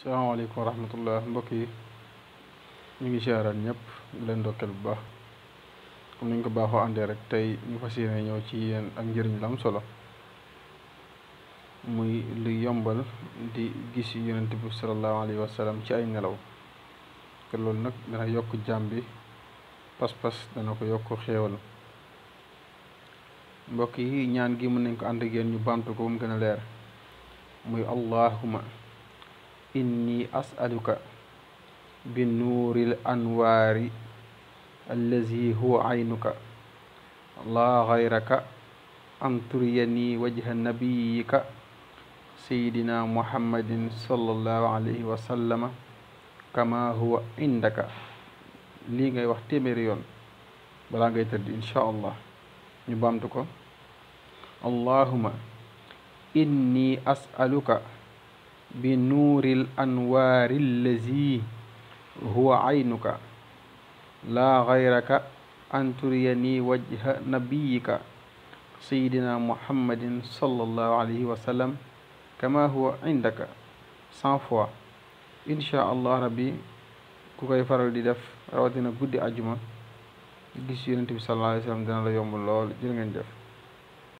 salaamaaleykum wa rahmatullah mbokk yi ñu ngi siyaaraat ñëpp di leen ndokkeel bu baax comme niñ ko baaxoo àndee rek tey ñu fas yéene ñëw ci yéen ak njëriñ la am solo muy lu yombal di gis yonent bi sallallahu alayhi wa sallam ci ay nelaw te loolu nag dana yokk jàmm bi pas-pas dana ko yokk xéewal mbokk yi ñaan gi mën nañ ko ànd ak ñu baamtu ko mu gën a leer muy allahuma inni asaluka bi nuuril anwaari allazi huwa aynuka laa gayraka an turiyani wajha nabiyika sayidina muhammadin sallallahu alayhi wa sallama kama huwa indaka lii ngay wax téeméeri yoon balaa ngay tëdd insha allah ñu baamtu ko allahuma inni asaluka bi nuuril anwaari allazi huwa aynuka laa gayraka an turiyani wajha nabiyika sayidina muhammadin sallallahu alayhi wa sallam kama huwa indaka cent fois inchaa allah rabbi ku koy faral di def rawatina guddi ajuma gis yonent bi sallallahu alayhi wa sallam dina la yomb lool jërë ngeen jëf